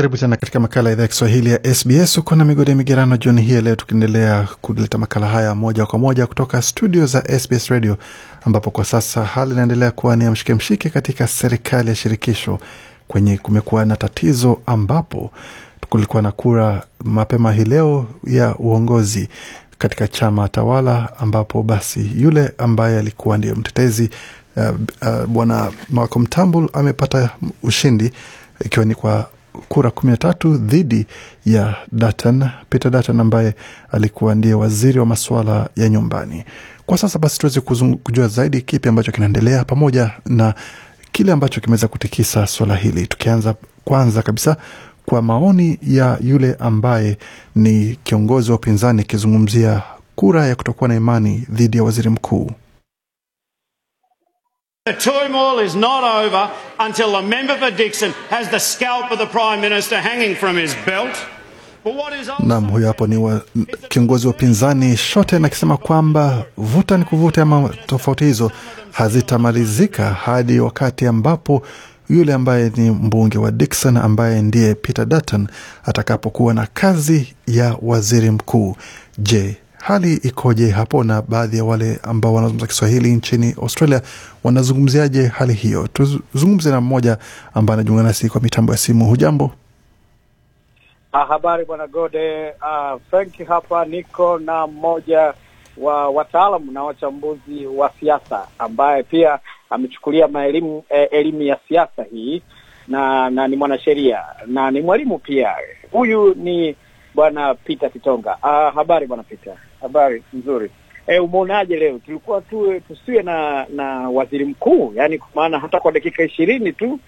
Karibu tena katika makala ya idhaa ya Kiswahili ya SBS. Uko na migodi ya migerano jioni hii leo, tukiendelea kuleta makala haya moja kwa moja kutoka studio za SBS Radio, ambapo kwa sasa hali inaendelea kuwa ni ya mshike mshike katika serikali ya shirikisho kwenye kumekuwa na tatizo ambapo kulikuwa na kura mapema hii leo ya uongozi katika chama tawala, ambapo basi yule ambaye alikuwa ndiyo mtetezi uh, uh, bwana Malcolm Turnbull amepata ushindi ikiwa ni kwa kura kumi na tatu dhidi ya Dutton, Peter Dutton ambaye alikuwa ndiye waziri wa masuala ya nyumbani. Kwa sasa basi tuweze kujua zaidi kipi ambacho kinaendelea pamoja na kile ambacho kimeweza kutikisa swala hili, tukianza kwanza kabisa kwa maoni ya yule ambaye ni kiongozi wa upinzani akizungumzia kura ya kutokuwa na imani dhidi ya waziri mkuu The turmoil is not over until the member for Dixon has the scalp of the Prime Minister hanging from his belt. Naam, huyo hapo ni wa, kiongozi wa upinzani Shorten akisema kwamba vuta ni kuvuta ama tofauti hizo hazitamalizika hadi wakati ambapo yule ambaye ni mbunge wa Dixon ambaye ndiye Peter Dutton atakapokuwa na kazi ya waziri mkuu. Je, hali ikoje hapo, na baadhi ya wale ambao wanazungumza Kiswahili nchini Australia wanazungumziaje hali hiyo? Tuzungumze na mmoja ambaye anajiunga nasi kwa mitambo ya simu. Hujambo? Ah, habari bwana Gode. Ah, Frank hapa, niko na mmoja wa wataalamu na wachambuzi wa siasa ambaye pia amechukulia maelimu eh, elimu ya siasa hii na na ni mwanasheria na ni mwalimu pia. Huyu ni bwana Peter Kitonga. Ah, habari bwana Peter. Habari nzuri. E, umeonaje leo? Tulikuwa tu eh, tusiwe na na waziri mkuu, yani kwa maana hata kwa dakika ishirini tu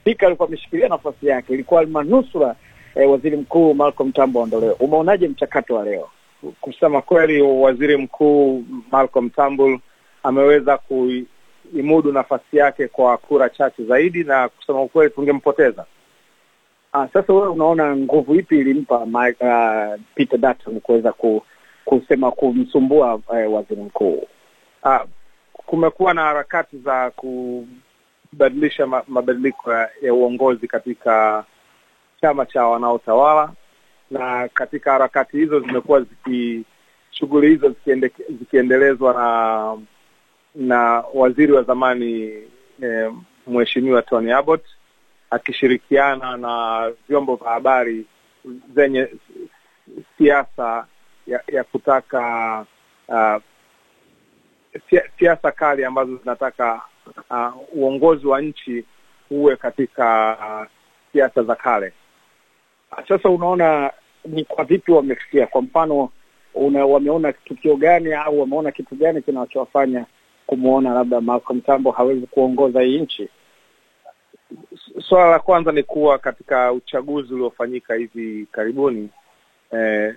Spika alikuwa ameshikilia nafasi yake, ilikuwa manusura e, waziri mkuu Malcolm Tambo aondolewe. Umeonaje mchakato wa leo? Kusema kweli, waziri mkuu Malcolm Tambul ameweza kuimudu nafasi yake kwa kura chache zaidi, na kusema ukweli tungempoteza. Ah, sasa wewe unaona nguvu ipi ilimpa uh, Peter Dutton kuweza ku kusema kumsumbua eh, waziri mkuu. Ah, kumekuwa na harakati za kubadilisha ma, mabadiliko eh, ya uongozi katika chama cha wanaotawala, na katika harakati hizo zimekuwa ziki shughuli hizo zikiende, zikiendelezwa na na waziri wa zamani eh, Mheshimiwa Tony Abbott akishirikiana na vyombo vya habari zenye siasa ya, ya kutaka uh, siasa kali ambazo zinataka uh, uongozi wa nchi uwe katika uh, siasa za kale. Sasa unaona ni kwa vipi wamefikia, kwa mfano una, wameona tukio gani au wameona kitu gani kinachowafanya kumwona labda Malcolm Tambo hawezi kuongoza hii nchi? suala la kwanza ni kuwa katika uchaguzi uliofanyika hivi karibuni eh,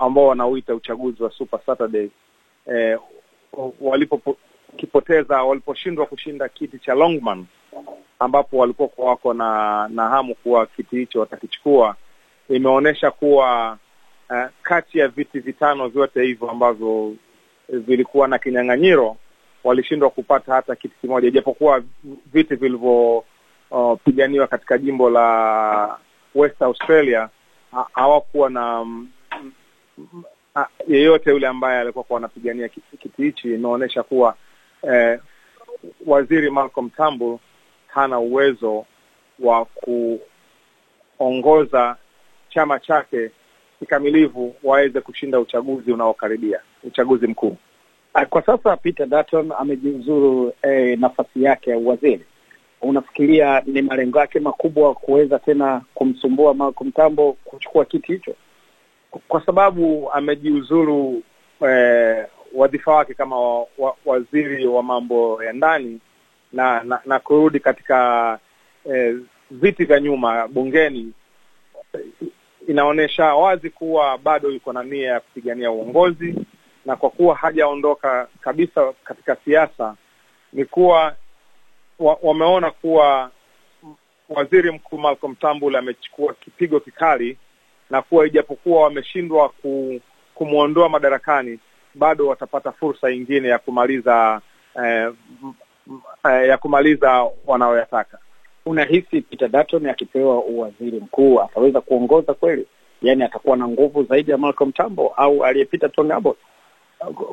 ambao wanauita uchaguzi wa Super Saturday eh, walipokipoteza waliposhindwa kushinda kiti cha Longman ambapo walikuwa kwa wako na na hamu kuwa kiti hicho watakichukua, imeonyesha kuwa uh, kati ya viti vitano vyote hivyo ambavyo vilikuwa na kinyang'anyiro walishindwa kupata hata kiti kimoja, ijapokuwa viti vilivyopiganiwa oh, uh, katika jimbo la West Australia hawakuwa na yeyote yule ambaye alikuwa kuwa anapigania kiti hichi. Inaonyesha kuwa eh, waziri Malcolm Turnbull hana uwezo wa kuongoza chama chake kikamilivu waweze kushinda uchaguzi unaokaribia, uchaguzi mkuu. Ah, kwa sasa Peter Dutton amejiuzuru eh, nafasi yake ya uwaziri unafikiria ni malengo yake makubwa kuweza tena kumsumbua Malcolm Mtambo kuchukua kiti hicho, kwa sababu amejiuzuru eh, wadhifa wake kama wa, wa, waziri wa mambo ya ndani na, na, na kurudi katika eh, viti vya nyuma bungeni inaonyesha wazi kuwa bado yuko na nia ya kupigania uongozi, na kwa kuwa hajaondoka kabisa katika siasa, ni kuwa wa, wameona kuwa waziri mkuu Malcolm Turnbull amechukua kipigo kikali na kuwa ijapokuwa wameshindwa ku, kumwondoa madarakani bado watapata fursa nyingine ya kumaliza eh, eh, ya kumaliza wanaoyataka. Unahisi Peter Dutton akipewa uwaziri mkuu ataweza kuongoza kweli? Yaani atakuwa na nguvu zaidi ya Malcolm tambo au aliyepita Tony Abbott?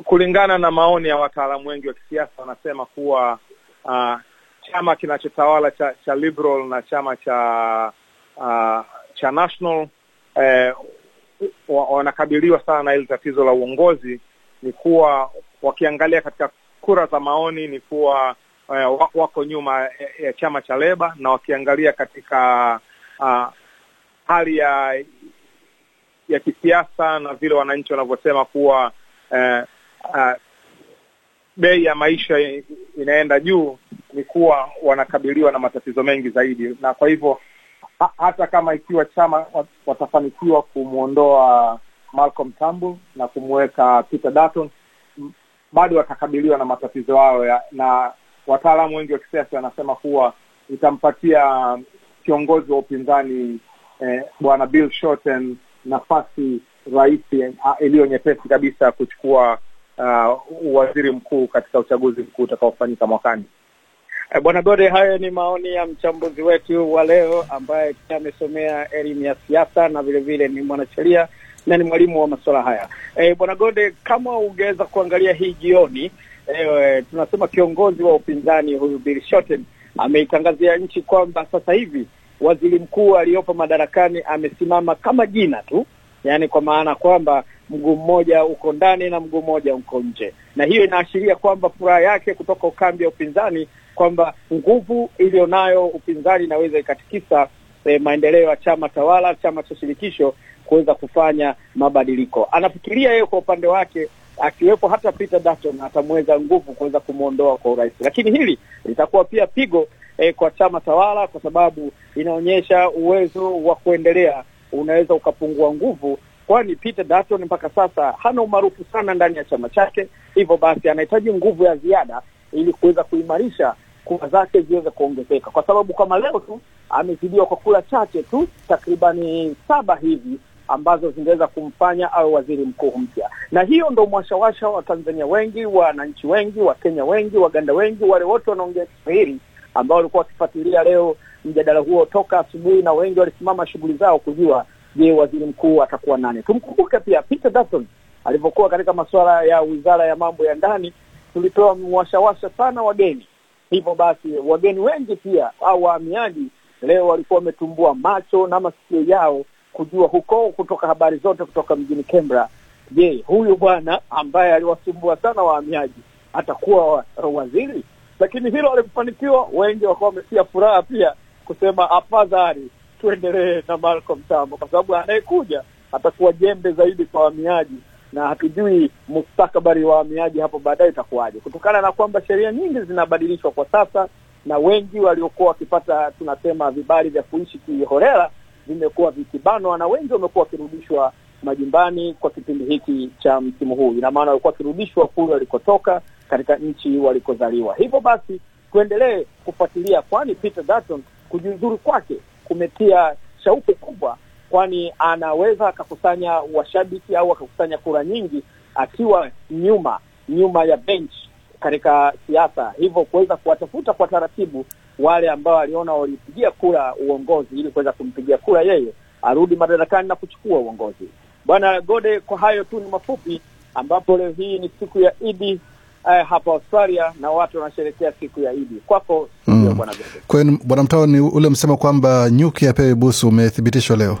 Kulingana na maoni ya wataalamu wengi wa kisiasa wanasema kuwa uh, chama kinachotawala cha, cha Liberal na chama cha uh, cha National eh, wanakabiliwa sana na hili tatizo la uongozi, ni kuwa wakiangalia katika kura za maoni ni kuwa eh, wako nyuma eh, ya chama cha Leba, na wakiangalia katika uh, hali ya ya kisiasa na vile wananchi wanavyosema kuwa eh, uh, bei ya maisha inaenda juu, ni kuwa wanakabiliwa na matatizo mengi zaidi, na kwa hivyo ha, hata kama ikiwa chama watafanikiwa kumwondoa Malcolm Turnbull na kumweka Peter Dutton, bado watakabiliwa na matatizo hayo, na wataalamu wengi wa kisiasa wanasema kuwa itampatia kiongozi wa upinzani eh, bwana Bill Shorten nafasi rahisi eh, iliyo nyepesi kabisa ya kuchukua uh, waziri mkuu katika uchaguzi mkuu utakaofanyika mwakani. Eh, Bwana Gode, hayo ni maoni ya mchambuzi wetu wa leo ambaye pia amesomea elimu ya siasa na vilevile ni mwanasheria na ni mwalimu wa masuala haya. E, Bwana Gode, kama ungeweza kuangalia hii jioni e, tunasema kiongozi wa upinzani huyu Bill Shorten ameitangazia nchi kwamba sasa hivi waziri mkuu aliyopo madarakani amesimama kama jina tu, yaani kwa maana kwamba mguu mmoja uko ndani na mguu mmoja uko nje, na hiyo inaashiria kwamba furaha yake kutoka ukambi ya upinzani kwamba nguvu iliyonayo upinzani inaweza ikatikisa eh, maendeleo ya chama tawala, chama cha shirikisho kuweza kufanya mabadiliko. Anafikiria yeye kwa upande wake akiwepo hata Peter Dutton atamweza nguvu kuweza kumwondoa kwa urahisi, lakini hili litakuwa pia pigo eh, kwa chama tawala, kwa sababu inaonyesha uwezo wa kuendelea unaweza ukapungua nguvu kwani Peter Dutton mpaka sasa hana umaarufu sana ndani ya chama chake, hivyo basi anahitaji nguvu ya ziada ili kuweza kuimarisha kura zake ziweze kuongezeka, kwa sababu kama leo tu amezidiwa kwa kura chache tu takribani saba hivi ambazo zingeweza kumfanya awe waziri mkuu mpya. Na hiyo ndo mwashawasha wa Tanzania wengi, wananchi wengi, Wakenya wengi, Waganda wengi, wale wote wanaongea Kiswahili ambao walikuwa wakifuatilia leo mjadala huo toka asubuhi, na wengi walisimama shughuli zao kujua je, waziri mkuu atakuwa nani? Tumkumbuke pia Peter Dutton alivyokuwa katika masuala ya wizara ya mambo ya ndani, tulipewa mwashawasha sana wageni. Hivyo basi wageni wengi pia au wahamiaji leo walikuwa wametumbua macho na masikio yao kujua huko kutoka habari zote kutoka mjini kembra Je, huyu bwana ambaye aliwasumbua sana wahamiaji atakuwa waziri? Lakini hilo alikufanikiwa, wengi wakawa wamesia furaha pia kusema afadhali tuendelee na Malcolm Tambo, kwa sababu anayekuja atakuwa jembe zaidi kwa wahamiaji, na hatujui mustakabali wa wahamiaji hapo baadaye itakuwaje, kutokana na kwamba sheria nyingi zinabadilishwa kwa sasa, na wengi waliokuwa wakipata tunasema vibali vya kuishi kiholela vimekuwa vikibanwa, na wengi wamekuwa wakirudishwa majumbani kwa kipindi hiki cha msimu huu. Ina maana walikuwa wakirudishwa kule walikotoka katika nchi walikozaliwa. Hivyo basi tuendelee kufuatilia, kwani Peter Dutton kujiuzuru kwake kumetia shauku kubwa, kwani anaweza akakusanya washabiki au akakusanya kura nyingi akiwa nyuma nyuma ya bench katika siasa, hivyo kuweza kuwatafuta kwa taratibu wale ambao aliona walipigia kura uongozi ili kuweza kumpigia kura yeye arudi madarakani na kuchukua uongozi. Bwana Gode, kwa hayo tu ni mafupi, ambapo leo hii ni siku ya Idi eh, hapa Australia na watu wanasherehekea siku ya Idi. Kwako ndio mm. bwana mm. Bwana Mtao, ni ule msemo kwamba nyuki hapewi busu umethibitishwa leo?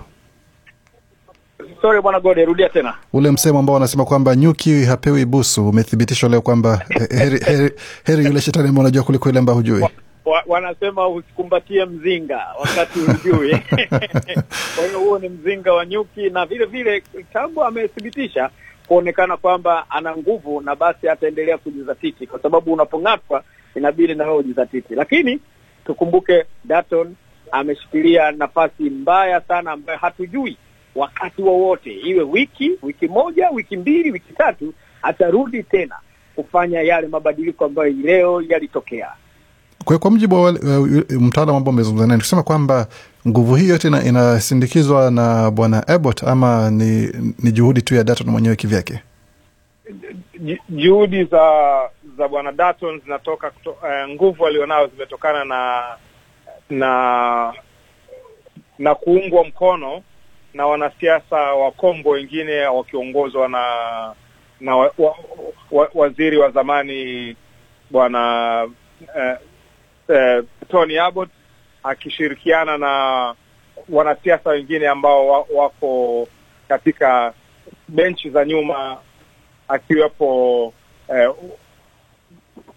Sorry bwana Gode, rudia tena ule msemo ambao wanasema kwamba nyuki hapewi busu umethibitishwa leo kwamba heri, heri, heri yule shetani ambao unajua kuliko ile ambao hujui wa, wa, wanasema usikumbatie mzinga wakati hujui. Kwa hiyo huo ni mzinga wa nyuki, na vile vile Tambo amethibitisha kuonekana kwamba ana nguvu, na basi ataendelea kujizatiti, kwa sababu unapong'atwa inabidi na wewe ujizatiti. Lakini tukumbuke Dalton ameshikilia nafasi mbaya sana ambayo hatujui wakati wowote wa iwe wiki wiki moja wiki mbili wiki tatu atarudi tena kufanya yale mabadiliko ambayo leo yalitokea. Kwa, kwa mjibu wa uh, ambao amezungumza naye nikusema kwamba nguvu hii yote inasindikizwa na bwana Abbott ama ni, ni juhudi tu ya daton mwenyewe kivyake? Juhudi za za bwana daton zinatoka kuto, eh, nguvu alionao zimetokana na na na kuungwa mkono na wanasiasa wa Kongo wengine wakiongozwa na na wa, wa, wa, waziri wa zamani bwana eh, eh, Tony Abbott akishirikiana na wanasiasa wengine ambao wako katika benchi za nyuma akiwepo eh,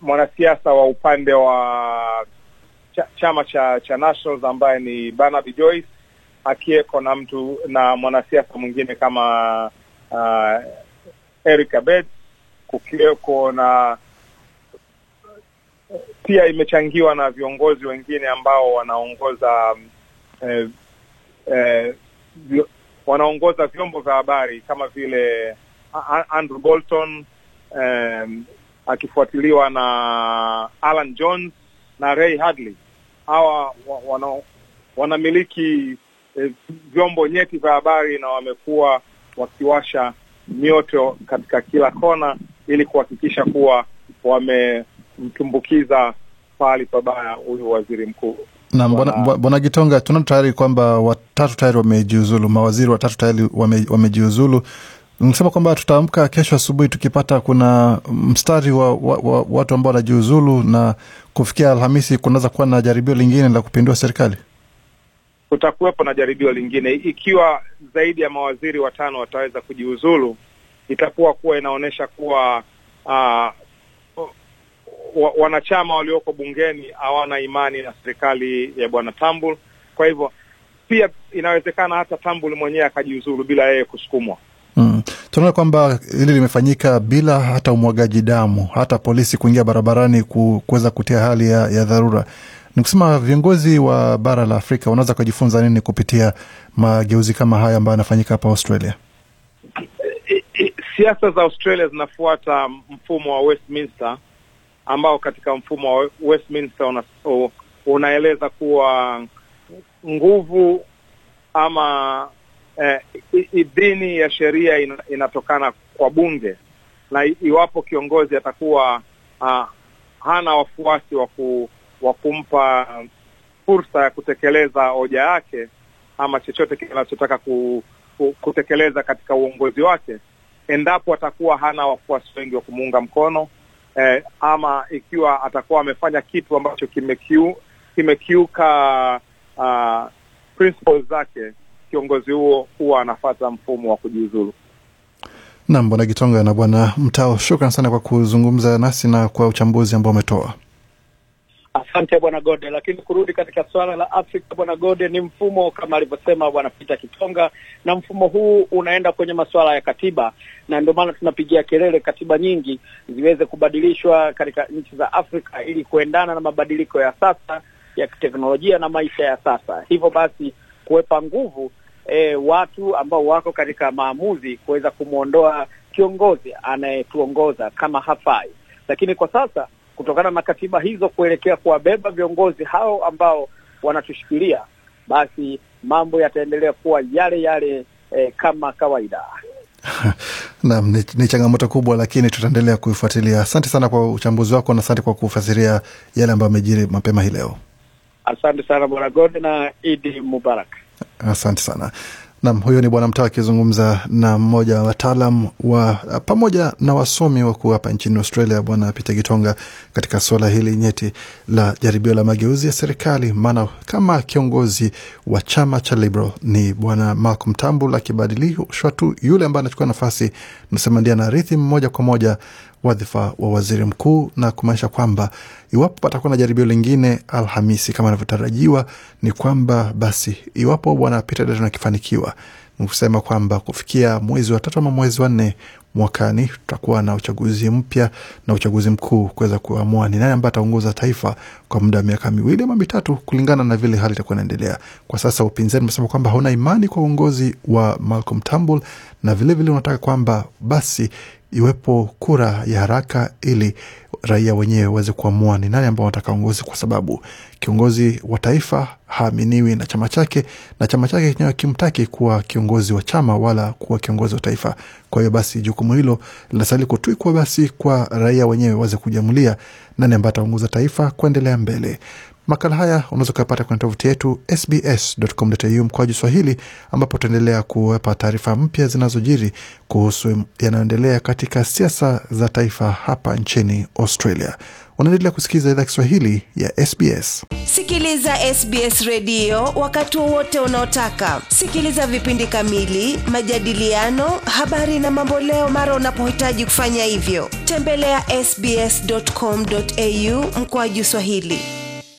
mwanasiasa wa upande wa chama cha cha Nationals ambaye ni Barnaby Joyce akiweko na mtu na mwanasiasa mwingine kama uh, Eric abet kukiweko na pia imechangiwa na viongozi wengine ambao wanaongoza eh, eh, wanaongoza vyombo vya habari kama vile Andrew Bolton eh, akifuatiliwa na Alan Jones na Ray Hadley. Hawa wana, wanamiliki eh, vyombo nyeti vya habari na wamekuwa wakiwasha mioto katika kila kona ili kuhakikisha kuwa wame kumtumbukiza pahali pabaya huyu waziri mkuu. Naam, bwana bwana Gitonga, tuna tayari kwamba watatu tayari wamejiuzulu, mawaziri watatu tayari wame, wamejiuzulu. Nisema kwamba tutaamka kesho asubuhi tukipata kuna mstari wa, wa, wa watu ambao wanajiuzulu, na kufikia Alhamisi kunaweza kuwa na jaribio lingine la kupindua serikali. Kutakuwepo na jaribio lingine ikiwa zaidi ya mawaziri watano wataweza kujiuzulu, itakuwa kuwa inaonyesha kuwa uh, wanachama walioko bungeni hawana imani na serikali ya bwana Tambul. Kwa hivyo pia inawezekana hata Tambul mwenyewe akajiuzuru bila yeye kusukumwa. Mm. Tunaona kwamba hili limefanyika bila hata umwagaji damu, hata polisi kuingia barabarani kuweza kutia hali ya, ya dharura. Ni kusema viongozi wa bara la Afrika wanaweza kujifunza nini kupitia mageuzi kama haya ambayo yanafanyika hapa Australia? Siasa za Australia zinafuata mfumo wa Westminster ambao katika mfumo wa Westminster una, unaeleza kuwa nguvu ama eh, idhini ya sheria in, inatokana kwa bunge, na iwapo kiongozi atakuwa ah, hana wafuasi wa waku, kumpa fursa ya kutekeleza hoja yake ama chochote kinachotaka ku, ku, kutekeleza katika uongozi wake, endapo atakuwa hana wafuasi wengi wa kumuunga mkono eh, ama ikiwa atakuwa amefanya kitu ambacho kimekiuka uh, zake, kiongozi huo huwa anafata mfumo wa kujiuzulu. nam Bwana Gitonga na Bwana Mtao, shukran sana kwa kuzungumza nasi na kwa uchambuzi ambao umetoa. Asante bwana Gode. Lakini kurudi katika suala la Afrika, bwana Gode, ni mfumo kama alivyosema bwana Peter Kitonga, na mfumo huu unaenda kwenye masuala ya katiba, na ndio maana tunapigia kelele katiba nyingi ziweze kubadilishwa katika nchi za Afrika ili kuendana na mabadiliko ya sasa ya kiteknolojia na maisha ya sasa. Hivyo basi kuwepa nguvu e, watu ambao wako katika maamuzi kuweza kumwondoa kiongozi anayetuongoza kama hafai, lakini kwa sasa kutokana na katiba hizo kuelekea kuwabeba viongozi hao ambao wanatushikilia, basi mambo yataendelea kuwa yale yale eh, kama kawaida. Naam, ni, ni changamoto kubwa, lakini tutaendelea kuifuatilia. Asante sana kwa uchambuzi wako na asante kwa kufasiria yale ambayo amejiri mapema hii leo. Asante sana Bwana Gode na Idi Mubarak, asante sana. Nam, huyo ni Bwana Mtaa akizungumza na mmoja wa wataalam wa pamoja na wasomi wakuu hapa nchini Australia, Bwana Peter Gitonga, katika suala hili nyeti la jaribio la mageuzi ya serikali. Maana kama kiongozi wa chama cha Liberal ni Bwana Malcolm Turnbull akibadilishwa tu, yule ambaye anachukua nafasi, nasema ndiye anarithi moja kwa moja wadhifa wa waziri mkuu na kumaanisha kwamba iwapo patakuwa na jaribio lingine Alhamisi kama anavyotarajiwa, ni kwamba basi iwapo bwana Peter Dutton akifanikiwa kusema kwamba kufikia mwezi wa tatu ama mwezi wa nne mwakani tutakuwa na uchaguzi mpya na uchaguzi mkuu kuweza kuamua ni nani ambaye ataongoza taifa kwa muda wa miaka miwili ama mitatu, kulingana na vile hali itakuwa inaendelea. Kwa sasa upinzani umesema kwamba hauna imani kwa uongozi wa Malcolm Turnbull na vilevile vile unataka kwamba basi iwepo kura ya haraka ili raia wenyewe waweze kuamua ni nani ambao wanataka kwa sababu kiongozi wa taifa haaminiwi na chama chake na chama chake chenyewe kimtaki kuwa kiongozi wa chama wala kuwa kiongozi wa taifa. Kwa hiyo basi jukumu hilo linastahili kutwikwa basi kwa raia wenyewe waweze kujamulia nani ambaye ataongoza taifa kuendelea mbele. Makala haya unaweza kuyapata kwenye tovuti yetu sbs.com.au mkoaji Swahili, ambapo utaendelea kuwepa taarifa mpya zinazojiri kuhusu yanayoendelea katika siasa za taifa hapa nchini Australia. Unaendelea kusikiliza idhaa Kiswahili ya SBS. Sikiliza SBS redio wakati wowote unaotaka. Sikiliza vipindi kamili, majadiliano, habari na mamboleo mara unapohitaji kufanya hivyo. Tembelea ya sbs.com.au mkoaji Swahili.